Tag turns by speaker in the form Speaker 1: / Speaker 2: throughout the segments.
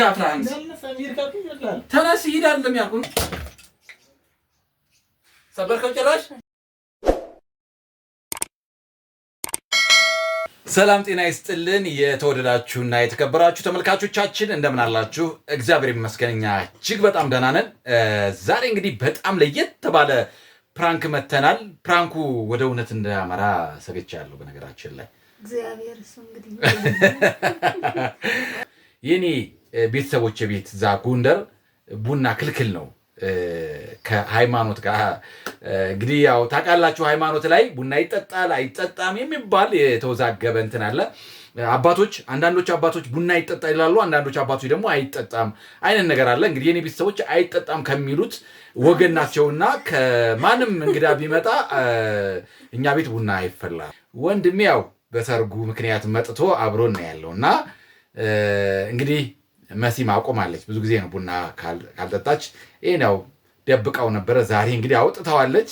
Speaker 1: ጋፍራን ተነስ ሂድ አይደለም ያልኩህ። ሰበርከው ጭራሽ። ሰላም ጤና ይስጥልን። የተወደዳችሁና የተከበራችሁ ተመልካቾቻችን እንደምን አላችሁ? እግዚአብሔር ይመስገን እኛ እጅግ በጣም ደህና ነን። ዛሬ እንግዲህ በጣም ለየት ተባለ ፕራንክ መተናል። ፕራንኩ ወደ እውነት እንዳያመራ ሰግቻለሁ። በነገራችን ላይ
Speaker 2: እግዚአብሔር እሱ እንግዲህ
Speaker 1: የኔ ቤተሰቦች ቤት እዛ ጎንደር ቡና ክልክል ነው ከሃይማኖት ጋር እንግዲህ ያው ታውቃላችሁ፣ ሃይማኖት ላይ ቡና ይጠጣል አይጠጣም የሚባል የተወዛገበ እንትን አለ። አባቶች አንዳንዶች አባቶች ቡና ይጠጣ ይላሉ፣ አንዳንዶች አባቶች ደግሞ አይጠጣም አይነት ነገር አለ። እንግዲህ የኔ ቤተሰቦች አይጠጣም ከሚሉት ወገን ናቸውና ከማንም እንግዳ ቢመጣ እኛ ቤት ቡና አይፈላ። ወንድሜ ያው በሰርጉ ምክንያት መጥቶ አብሮን ያለው እና እንግዲህ መሲ ማቆማለች። ብዙ ጊዜ ነው ቡና ካልጠጣች። ይህን ያው ደብቀው ነበረ። ዛሬ እንግዲህ አውጥተዋለች።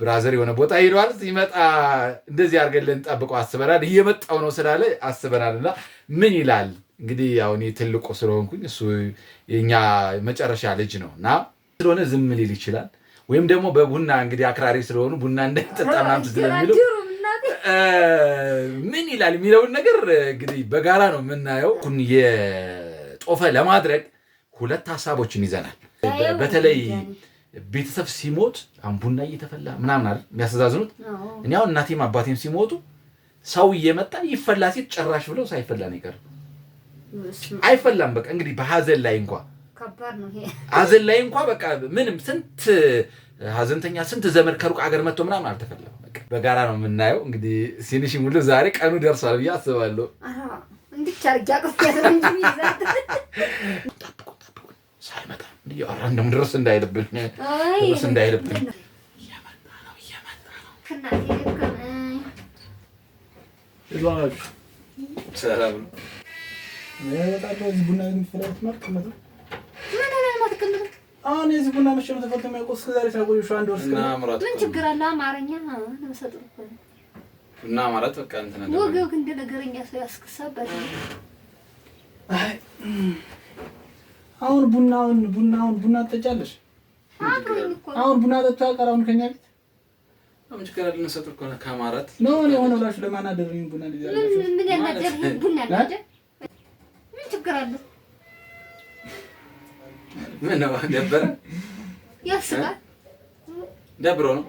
Speaker 1: ብራዘር የሆነ ቦታ ሄደዋል። ሲመጣ እንደዚህ አድርገን ጠብቀው አስበናል። እየመጣው ነው ስላለ አስበናል እና ምን ይላል እንግዲህ ያው እኔ ትልቁ ስለሆንኩኝ እሱ የኛ መጨረሻ ልጅ ነው እና ስለሆነ ዝም ሊል ይችላል። ወይም ደግሞ በቡና እንግዲህ አክራሪ ስለሆኑ ቡና እንዳይጠጣ ምናምን ስለሚሉ ምን ይላል የሚለውን ነገር እንግዲህ በጋራ ነው የምናየው። ኩን የጦፈ ለማድረግ ሁለት ሀሳቦችን ይዘናል። በተለይ ቤተሰብ ሲሞት አሁን ቡና እየተፈላ ምናምን አይደል የሚያስተዛዝኑት። እኔ አሁን እናቴም አባቴም ሲሞቱ ሰው እየመጣ ይፈላ ሴት ጭራሽ ብለው ሳይፈላ ነው ይቀር አይፈላም። በቃ እንግዲህ በሀዘን ላይ እንኳ ሀዘን ላይ እንኳ በቃ ምንም ስንት ሀዘንተኛ ስንት ዘመድ ከሩቅ አገር መጥቶ ምናምን አልተፈለም ልክ በጋራ ነው የምናየው። እንግዲህ ሲንሽ ሙሉ ዛሬ ቀኑ ደርሷል ብዬ አስባለሁ። ሳይመጣ እያወራን ደግሞ ድረስ እንዳይልብን ድረስ እንዳይልብን እያመጣ ነው እያመጣ
Speaker 2: ነው።
Speaker 1: ሰላም
Speaker 3: ነው ቡና ነው አሁን የዚህ ቡና መቼም ተፈልቶ የሚያውቀው እስከዛሬ ሸ አንድ ወርስ
Speaker 2: ምን ችግር አለ? አማርኛ ለመሰጥ
Speaker 1: ቡና ማለት በቃ እንትን ነገር
Speaker 2: ወገው ግን ነገረኛ ሰው ያስክሳበት። አይ
Speaker 3: አሁን ቡናውን ቡናውን ቡና ትጠጫለሽ? አሁን ቡና ጠጥቶ ቀራውን ከኛ ቤት
Speaker 1: ምን ችግር አለ? ለመሰጥ እኮ ነው ከማራት
Speaker 3: ነው ነው ሆነ ብላችሁ ለማናደር ቡና
Speaker 2: ልጅ ምን ምን ያናደር ቡና ልጅ ምን ችግር አለ?
Speaker 1: ምን ነው ደበረ? ያስቃል። ደብሮ ነው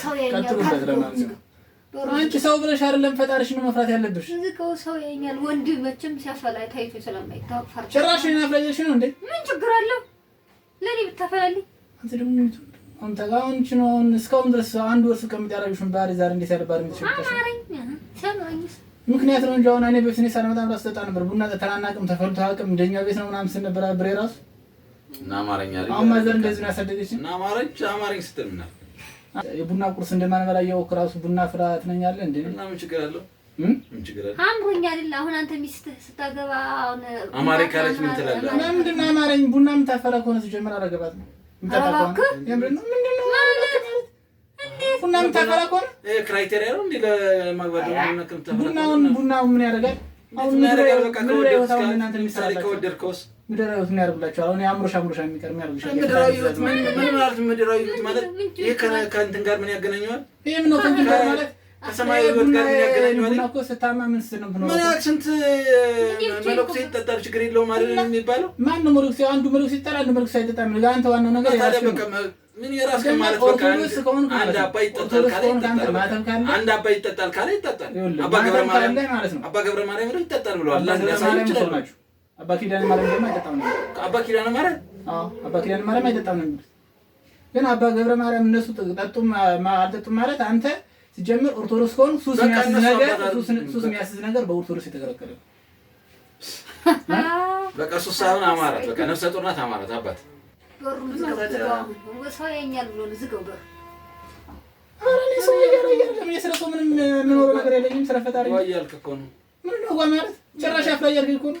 Speaker 2: ሰው
Speaker 3: ብለሽ አይደለም ፈጣሪሽን መፍራት ያለብሽ።
Speaker 2: ዝቀው ሰው ያኛል ወንድ መቼም ሲያፈላ ታይቶ ስለማይታወቅ ፈርቶ
Speaker 3: ጭራሽ ነው ያፈላልሽ ነው እንዴ?
Speaker 2: ምን ችግር አለው? ለኔ ብታፈላልኝ
Speaker 3: አንተ ደግሞ ነው እስካሁን ድረስ አንድ ወር ባህሪ ዛሬ እንዴት ያለ ባህሪ ምክንያት ነው እንጂ አሁን እኔ በፊት እኔ ራሱ ተጣ ነበር ቡና ጠተናናቅም ተፈልቶ አቅም እንደኛ ቤት ነው ምናምን ስል ነበር ብሬ ራሱ እና አማረኛ አሁን ማዘር እንደዚህ ነው ያሳደገችኝ።
Speaker 1: እና አማረች አማረኝ ስትል ምናምን
Speaker 3: የቡና ቁርስ እንደማንበላ ያው እራሱ ቡና ፍርሃት ነኝ እንዴ?
Speaker 1: እና ምን ችግር አለው? ምን ምን ነው ነው
Speaker 2: ነው ነው ነው?
Speaker 3: ቡናውን ቡናውን ምን ያደርጋል? አሁን ምን
Speaker 1: ያደርጋል? በቃ ከወደድከውስ
Speaker 3: ምድራዊ ህይወት ያደርግላቸው። አሁን አምሮሽ አምሮሽ የሚቀርም ያደርግልሻል። ምድራዊ ህይወት ምን ማለት ይሄ ከእንትን ጋር ምን ያገናኘዋል? ምን ነው ማለት ነው አባ ይጠጣል፣ ካለ ይጠጣል። አባ ገብረ ማርያም ይጠጣል ብለዋል። አባ ኪዳነ ማርያም ደግሞ አይጠጣም ነበር። አባ ኪዳነ ማርያም አዎ፣ አባ ኪዳነ ማርያም አይጠጣም ነበር። ግን አባ ገብረ ማርያም እነሱ ጠጡም አልጠጡም ማለት አንተ ሲጀምር ኦርቶዶክስ ከሆኑ ሱስ የሚያስዝ ነገር ሱስ የሚያስዝ ነገር በኦርቶዶክስ የተከለከለ በቃ ሱስ ሳይሆን አማራት በቃ ነፍሰ ጡር አማራት አባት ሰው ምንም የምኖረው ነገር የለኝም። ስለ ፈጣሪ ማለት ጭራሽ አፍላ እያልከኝ እኮ ነው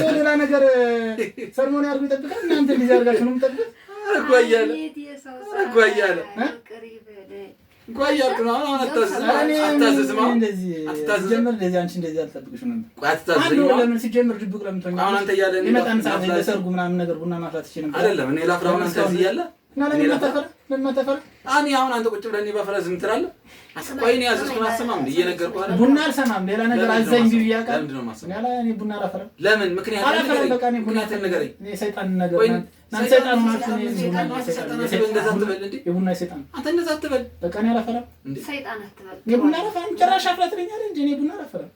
Speaker 3: ሰው ሌላ ነገር ሰርሞን አድርጎ ይጠብቃል። እናንተ ልጅ አድርጋችሁ ነው የምጠብቁት። አንቺ እንደዚህ አልጠብቅሽም ሲጀምር ድብቅ ለምን ሰዓት ለሰርጉ ምናምን ነገር ቡና ማፍላት ይችል ነበር አይደለም? እኔ ላፍራ ሁን አንተ እያለ እና ለምን ተፈረ ለምን ተፈረ እኔ አሁን አንተ ቁጭ ብለህ እኔ በፈረስ እንትላለ ቆይ እኔ ያዘዝኩን አሰማም እንደ እየነገርኩህ አይደል? ቡና አልሰማም፣ ሌላ ነገር አዘኝ ቢብ ያቃ ቢብያ ቃል እኔ ቡና አላፈረም። ለምን ምክንያት አለ? በቃ እኔ ቡና ተን ተነገረኝ። እኔ ሰይጣን ነገር ናን ሰይጣን ማለት ነው። ሰይጣን ነው። እንዴ! የቡና ሰይጣን አንተ እንደዛ አትበል። በቃ እኔ አላፈረም። ሰይጣን አትበል። እኔ ቡና አላፈረም። ጭራሽ አፍረትልኛል እንጂ እኔ ቡና አላፈረም።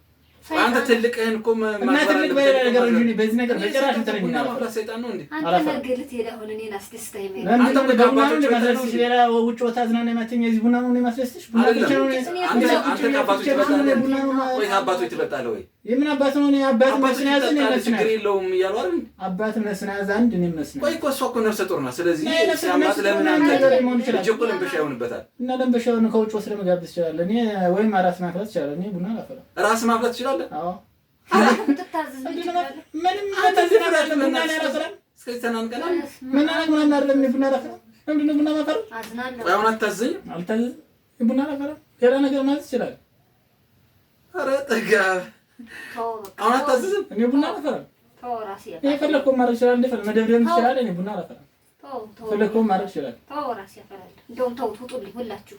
Speaker 3: አንተ ትልቅህን እኮ እና ትልቅ ነገር እንጂ በዚህ ነገር በጭራሽ ተረኝ ነው። ሰይጣን ነው እንዴ? አንተ ነግልት ሄዳ ሆነ ነው። አንተ ቡና ነው ለማስደስሽ እዚህ ቡና ነው ቡና ነው። ወይ አባቶች ትበልጣለህ ወይ? የምን አባት ነው? አባት መስናያዝ ችግር የለውም እያሉ አይደል? አባት መስናያዝ አንድ ነው መስናያዝ። ቆይ እኮ እሷ እኮ ነፍሰ ጡር ናት። ስለዚህ አባት ለምን አንተ ለምበሻ ይሆንበታል። ከውጭ ወስደ መጋበዝ ይችላል። እኔ ወይም ራስ ማፍላት ይችላል። እኔ ቡና አላፈላም። ራስ ማፍላት ይችላል። አዎ። ምንም ነገር ማለት ትችላለህ። ኧረ ጥጋብ አሁን አታዘዝም። እኔ ቡና አላፈራም። የፈለግከውን ማድረግ ይችላል። እንደ መደብደብም ይችላል። እኔ ቡና አላፈራም። የፈለግከውን ማድረግ ይችላል። እንደውም ተውት፣ ውጡልኝ ሁላችሁ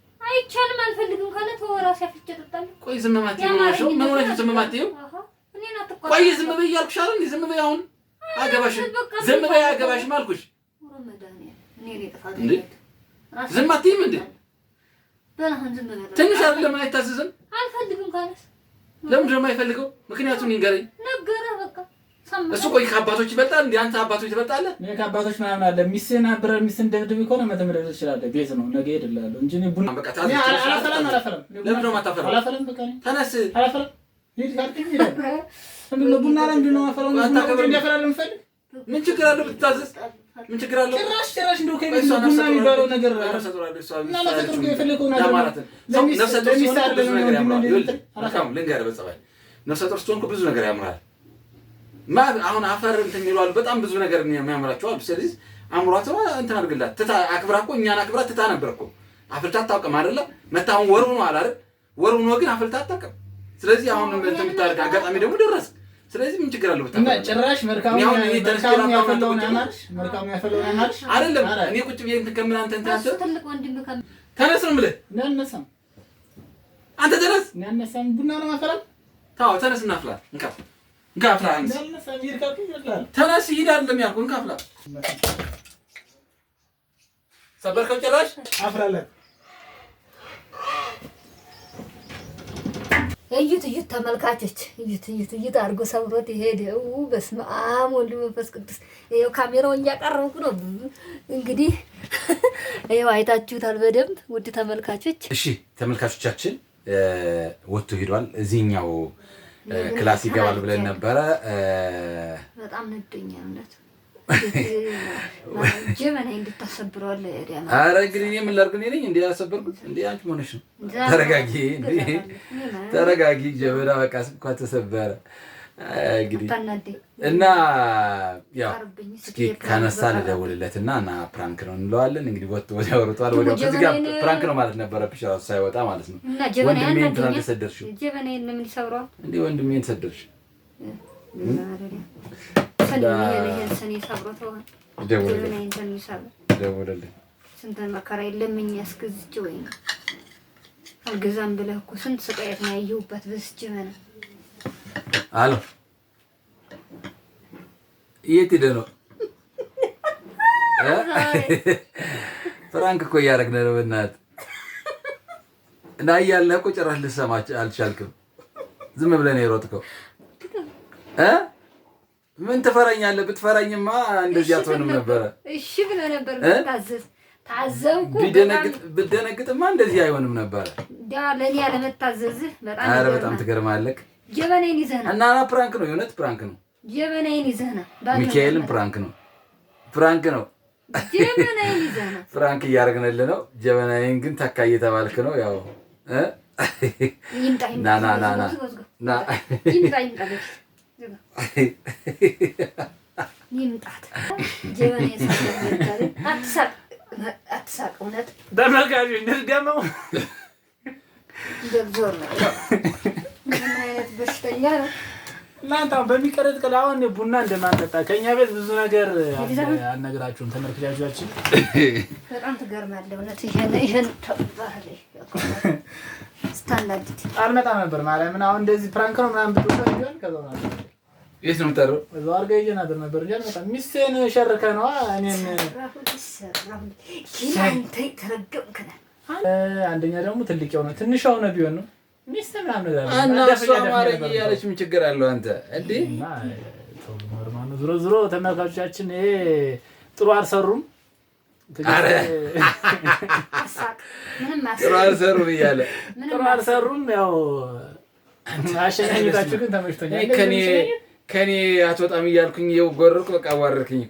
Speaker 3: አይቻልም፣ አልፈልግም ካለ ተወራሽ አፍቼ እጠጣለሁ። ቆይ ዝም ማለት ነው። ነው ምን ነው ዝም ማለት ነው? ቆይ ዝም በይ እያልኩሽ አይደል? ዝም በይ። አሁን አገባሽ፣ ዝም በይ አገባሽም አልኩሽ። ዝም አትይም እንዴ? ትንሽ አይደለም አይታዘዝም። አልፈልግም ካለስ ለምንድን ነው የማይፈልገው? ምክንያቱም ይንገረኝ። ነገረህ በቃ እሱ ቆይ ከአባቶች ይበልጣል እንዴ? አንተ አባቶች ትበልጣለህ። እኔ ከአባቶች ምናምን አለ። ሚስትን አብረህ ሚስትን ደብድብ ከሆነ መተምደብ ትችላለህ። ቤት ነው ነገ ሄድልሃለሁ እንጂ እኔ ቡና አላፈላም። አላፈላም። ለምን ነው በቃ ቡና ነው ምን ችግር ምን ችግር ነው ቡና የሚባለው ነገር እና ነው ነፍሰ ጡር ስትሆን ብዙ ነገር ያምራል አሁን አፈር እንትን ይሏል። በጣም ብዙ ነገር የሚያምራቸው አሉ። ስለዚህ አእምሯት እንትን አድርግላት ትታ አክብራ እኮ እኛን አክብራ ትታ ነበር እኮ አፍልታ አታውቅም አይደለ? መታሁን ወር ሆኖ አላል ወር ሆኖ ግን አፍልታ አታውቅም። ስለዚህ አሁን እንትን ብታደርግ አጋጣሚ ደግሞ ደረስ። ስለዚህ ምን ችግር አለው? ብታደርግ ጭራሽ መልካሙ ያፈለውን ያማርሽ መልካሙ ያፈለውን ያማርሽ አይደለም። እኔ ቁጭ ብዬ እንትን ከምን አንተ እንትን አሰብ ተነስ ነው የምልህ። አንተ ተነስ ቡና ነው ማፈላት። ታው ተነስ እናፍላት እንካ እንካፍላ ተነስ፣ ሂድ አይደለም ያልኩህ። እንካፍላ ሰበርከው ጭራሽ አፍራለን። እዩት እዩት ተመልካቾች እዩት እዩት እዩት አድርጎ ሰብሮት ይሄድ። በስመ አብ ወልድ መንፈስ ቅዱስ። ይኸው ካሜራውን እያቀረብኩ ነው። እንግዲህ ይኸው አይታችሁታል በደንብ ውድ ተመልካቾች። እሺ ተመልካቾቻችን ወጥቶ ሄዷል። እዚህኛው ክላስ ይገባል ብለን ነበረ። በጣም ነዶኛለት ጀበና እንድታሰብረዋል። ኧረ እንግዲህ እኔ ምን ላድርግ? እኔ ነኝ እንደ ያሰበርኩት። እንደ አንቺ ምን ነው? ተረጋጊ፣ ተረጋጊ። ጀበና በቃ ስብኳ ተሰበረ። እንግዲህ እና ያው እስኪ ከነሳ ልደውልለት እና እና ፕራንክ ነው እንለዋለን። እንግዲህ ወጥ ወዲያው ወርጧል። ወዲያው ጋር ፕራንክ ነው ማለት ነበረብሽ ሳይወጣ ማለት ነው። ወንድሜን ፕራንክ ወንድሜን ሰደርሽ ደውልልኝ። ስንት መከራ ያስገዝቼ ወይ አልገዛም ብለህ እኮ ስንት ስቃየት ነው Aló. የት ነው? ፍራንክ እኮ እያደረግን ነው። በእናትህ እና እያልን እኮ ጭራሽ ልሰማች አልቻልክም። ዝም ብለህ ነው የሮጥከው። ምን ትፈራኛለህ? ብትፈራኝማ እንደዚህ አትሆንም ነበረ። እሺ ብለህ ነበር። ታዘብኩ። ብትደነግጥማ እንደዚህ አይሆንም ነበረ። ለእኔ ያለመታዘዝህ በጣም ትገርማለህ። ይዘህ ና እና ፕራንክ ነው፣ የእውነት ፕራንክ ነው። ጀበናዬን ይዘህ ና። ሚካኤልም ፕራንክ ነው፣ ፕራንክ ነው። ፍራንክ እያደረግንልህ ነው። ጀበናዬን ግን ተካ እየተባልክ ነው። ያው ምን አይነት በሽተኛ ነው እናንተ። አሁን በሚቀረጥ ቅል አሁን ቡና እንደማንጠጣ ከእኛ ቤት ብዙ ነገር አልነግራችሁም ተመልክቻችኋችን። በጣም ትገርማለህ አልመጣም ነበር ማለት ምን አሁን እንደዚህ ፕራንክ ነው ምናምን ብትወሰን ከዛ ነበር ነበር እንጂ አልመጣም። ሚስቴን ነዋ እኔን አንደኛ ደግሞ ትልቅ የሆነ ትንሽ የሆነ ቢሆን ነው ሚስት እና እሱ አማረኝ እያለች ምን ችግር አለው? አንተ እንዴ ዞሮ ዞሮ ተመልካቾቻችን ጥሩ አልሰሩም፣ ጥሩ አልሰሩም እያለ ጥሩ አልሰሩም። ያው አሸናኝታችሁ ግን ተመችቶኛል። ከኔ አትወጣም እያልኩኝ የው ጎርቅ በቃ አዋረድክኝ።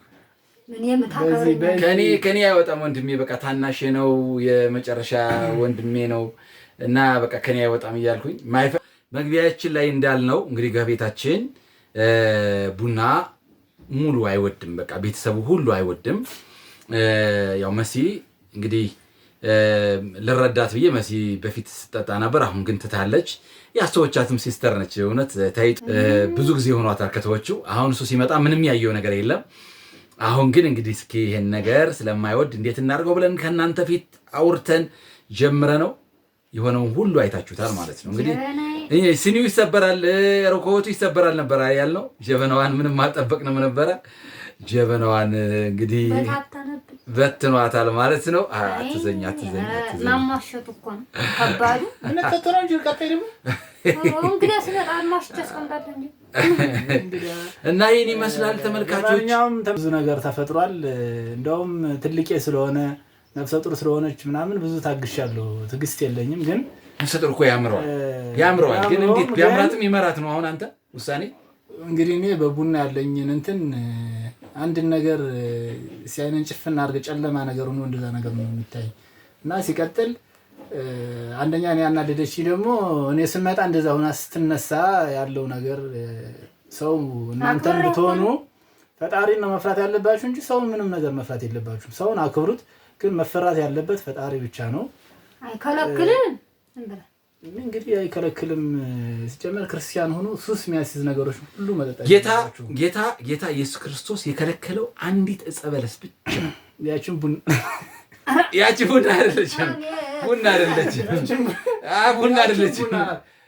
Speaker 3: ከኔ አይወጣም ወንድሜ፣ በቃ ታናሽ ነው የመጨረሻ ወንድሜ ነው። እና በቃ ከኔ አይወጣም እያልኩኝ መግቢያችን ላይ እንዳልነው እንግዲህ ገቤታችን ቡና ሙሉ አይወድም። በቃ ቤተሰቡ ሁሉ አይወድም። ያው መሲ እንግዲህ ልረዳት ብዬ መሲ በፊት ስጠጣ ነበር። አሁን ግን ትታለች። ያስተወቻትም ሲስተር ነች። እውነት ተይጥ ብዙ ጊዜ ሆኗታል ከተወችው። አሁን እሱ ሲመጣ ምንም ያየው ነገር የለም። አሁን ግን እንግዲህ እስኪ ይሄን ነገር ስለማይወድ እንዴት እናድርገው ብለን ከእናንተ ፊት አውርተን ጀምረ ነው የሆነውን ሁሉ አይታችሁታል ማለት ነው። እንግዲህ ስኒው ይሰበራል፣ ረኮቦቱ ይሰበራል ነበረ ያልነው። ጀበናዋን ምንም አልጠበቅንም ነበረ። ጀበናዋን እንግዲህ በትኗታል ማለት ነው። አትዘኛ አትዘኛ እና ይህን ይመስላል ተመልካቾች። ብዙ ነገር ተፈጥሯል። እንደውም ትልቄ ስለሆነ ነፍሰ ጡር ስለሆነች ምናምን ብዙ ታግሻለሁ። ትግስት የለኝም። ግን ነፍሰ ጡር እኮ ያምረዋል ያምረዋል። ግን እንዴት ቢያምራትም ይመራት ነው። አሁን አንተ ውሳኔ እንግዲህ እኔ በቡና ያለኝን እንትን አንድን ነገር ሲያይንን ጭፍና አድርገህ ጨለማ ነገር ሆኖ እንደዛ ነገር ነው የሚታይ እና ሲቀጥል አንደኛ እኔ ያናደደች ደግሞ እኔ ስመጣ እንደዛ ሁና ስትነሳ ያለው ነገር ሰው እናንተን ብትሆኑ ፈጣሪን ነው መፍራት ያለባችሁ እንጂ ሰውን ምንም ነገር መፍራት የለባችሁም። ሰውን አክብሩት። ግን መፈራት ያለበት ፈጣሪ ብቻ ነው። አይከለክልም እንግዲህ አይከለክልም። ሲጀመር ክርስቲያን ሆኖ ሱስ የሚያስይዝ ነገሮች ሁሉ መጠጣት ጌታ ጌታ ጌታ ኢየሱስ ክርስቶስ የከለከለው አንዲት ዕፀ በለስ ብቻ ያችን ቡና ያቺ ቡና አይደለችም። ቡና አይደለችም። ቡና አይደለችም።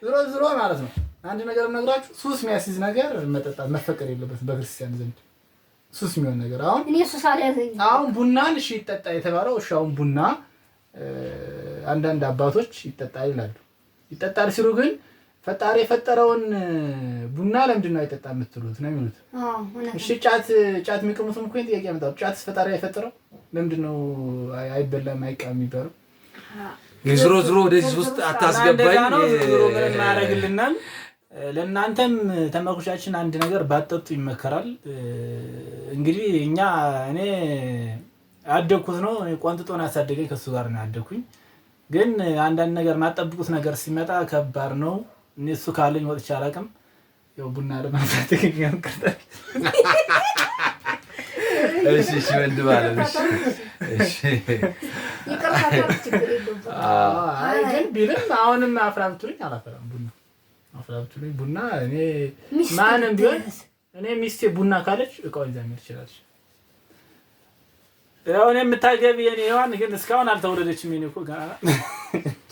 Speaker 3: ዝሮ ዝሮ ማለት ነው አንድ ነገር ነግራችሁ ሱስ የሚያስይዝ ነገር መጠጣት መፈቀድ የለበትም በክርስቲያን ዘንድ ሱስ የሚሆን ነገር አሁን እኔ ሱስ አልያዘኝም። አሁን ቡናን እሺ ይጠጣ የተባለው እሺ፣ አሁን ቡና አንዳንድ አባቶች ይጠጣል ይላሉ። ይጠጣል ሲሉ ግን ፈጣሪ የፈጠረውን ቡና ለምንድን ነው አይጠጣ የምትሉት ነው የሚሉት። እሺ ጫት ጫት የሚቅሙትም እኮ ጥያቄ ያመጣሉ። ጫት ፈጣሪ የፈጠረው ለምንድን ነው አይበላም አይቃም የሚባለው? ዝሮ ዝሮ ወደዚህ ውስጥ አታስገባኝ። ምንም ያደርግልናል ለእናንተም ተመኩሻችን አንድ ነገር ባጠጡ ይመከራል። እንግዲህ እኛ እኔ ያደግኩት ነው ቆንጥጦን ያሳደገኝ ከሱ ጋር ነው ያደግኩኝ። ግን አንዳንድ ነገር ማጠብቁት ነገር ሲመጣ ከባድ ነው። እኔ እሱ ካለኝ ወጥቼ አላውቅም። ያው ቡና ለማንሳት ያምቅርታል። እሺ እሺ፣ ወንድም እሺ ግን ቢልም አሁንም አፍራምቱኝ አላፈራም አፍላብቱ ላይ ቡና እኔ ማንም ቢሆን እኔ ሚስቴ ቡና ካለች እቃው ይዛ ይችላል። ያው እኔ የምታገቢ የኔ ሔዋን ግን እስካሁን አልተወለደችም። የኔ እኮ ገና ናት።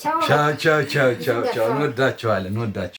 Speaker 3: ቻው ቻው ቻው ቻው። እንወዳቸዋለን እንወዳቸዋለን።